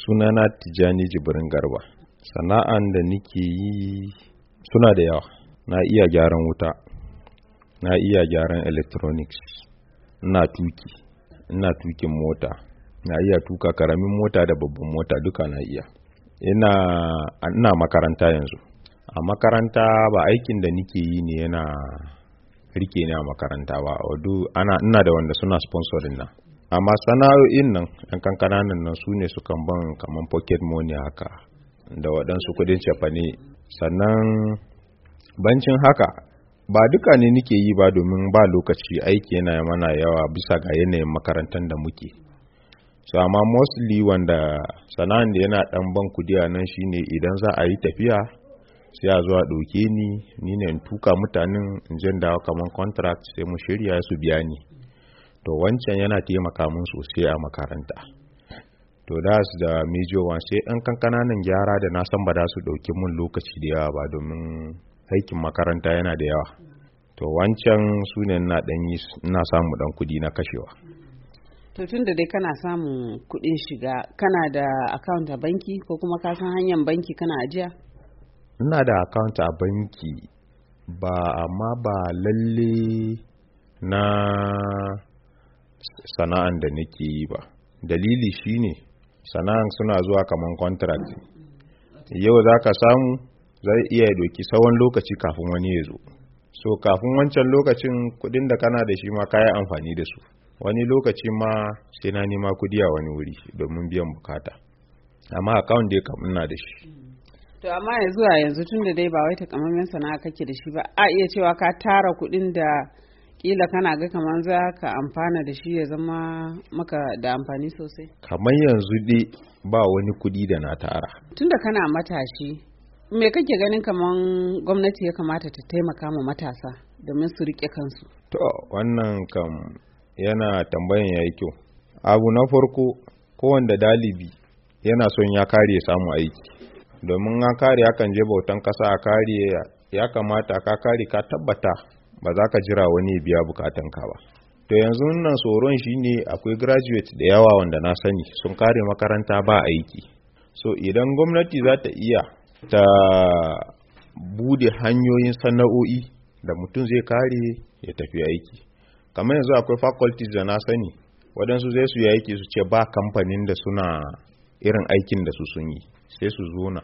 sunana tijani jibrin garba sana'an da nike yi suna da yawa na iya gyaran wuta na iya gyaran electronics ina tuki ina tukin mota na iya tuka karamin mota da babban mota duka na iya ina ina makaranta yanzu a makaranta ba aikin da nike yi ne yana rike ne a makaranta ba odo ana ina da wanda suna sponsorin na amma sana'o'in nan yan kankananan nan su ne sukan ban kaman pocket money haka da waɗansu kudin cefane sannan bancin haka ba duka ne nike yi ba domin ba lokaci aiki yana mana yawa bisa ga yanayin makarantar da muke so amma mostly wanda sana'an da yana ɗan ban kudi a nan shine idan za a yi tafiya sai a zuwa ɗauke ni ni ne in tuka mutanen in je dawo kaman contract sai mu shirya su biya ni to wancan yana taimaka mun sosai a makaranta to da su da mijo wan sai ɗan kankananan gyara da na san ba da su ɗauki mun lokaci da yawa ba domin aikin makaranta yana da yawa to wancan su ne na ɗan yi na samu ɗan kuɗi na kashewa to tun da dai kana samun kuɗin shiga kana da account a banki ko kuma ka san hanyar banki kana ajiya ina da account a banki ba amma ba lalle na sana'an da nake yi ba dalili shine sana'an suna zuwa kaman contract yau za ka samu zai iya doki tsawon lokaci kafin wani ya zo so kafin wancan lokacin kudin da kana da shi ma ka yi amfani da su wani lokaci ma sai na nema kudi a wani wuri domin biyan bukata amma account dai kam ina da shi to amma yanzu a yanzu tunda dai ba wai takamaiman sana'a kake da shi ba a iya cewa ka tara kudin da kila kana ga kamar za ka amfana da shi ya zama maka da amfani sosai kamar yanzu dai ba wani kudi da na tara tunda kana matashi me kake ganin kamar gwamnati ya kamata ta taimaka ma matasa domin su rike kansu to wannan kam yana tambayan ya kyau abu na farko kowanda dalibi yana son ya kare samu aiki domin an kare akan je bautan kasa a kare ya kamata ka kare ka tabbata ba za ka jira wani biya bukatanka ba to yanzu nan tsoron shine akwai graduate da yawa wanda na sani sun kare makaranta ba aiki so idan gwamnati za ta iya ta bude hanyoyin sana'o'i da mutum zai kare ya tafi aiki kamar yanzu akwai faculties da na sani waɗansu zai su yi aiki su ce ba kamfanin da suna irin aikin da su sun yi sai su zo na.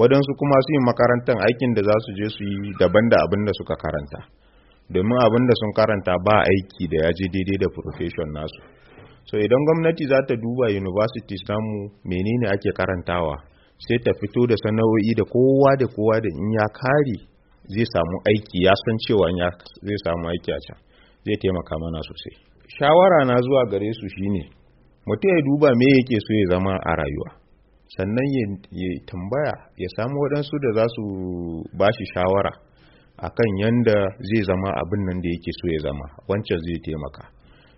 waɗansu kuma su yi makarantar aikin da za su je su yi daban da abin da suka karanta domin abin da sun karanta ba aiki da ya je daidai da profession nasu so idan gwamnati za ta duba university samu menene ake karantawa sai ta fito da sana'o'i da kowa da kowa da in ya kare zai samu aiki ya san cewa zai samu aiki a can zai taimaka mana sosai shawara na zuwa gare su shine mutum ya duba me yake so ya zama a rayuwa sannan ya tambaya ya samu waɗansu da za su ba shawara A kan yanda zai zama abin nan da yake so ya zama wancan zai taimaka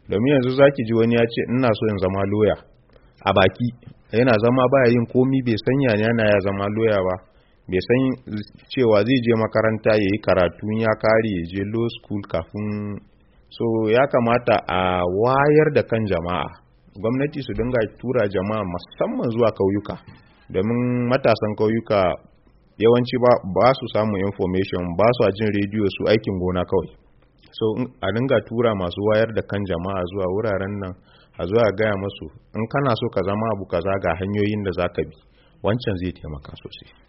domin yanzu zaki ji wani ya ce ina so in zama loya a baki yana zama baya yin komi bai sanya yana ya zama loya ba bai san cewa zai je makaranta ya yi karatu ya kare ya je law school kafin so ya kamata a wayar da kan jama'a gwamnati su dinga tura jama'a musamman zuwa kauyuka domin matasan kauyuka yawanci ba su samun information ba su jin rediyo su aikin gona kawai so a dinga tura masu wayar da kan jama'a zuwa wuraren nan a zuwa gaya masu in kana so ka zama abu kaza ga hanyoyin da za ka bi wancan zai taimaka sosai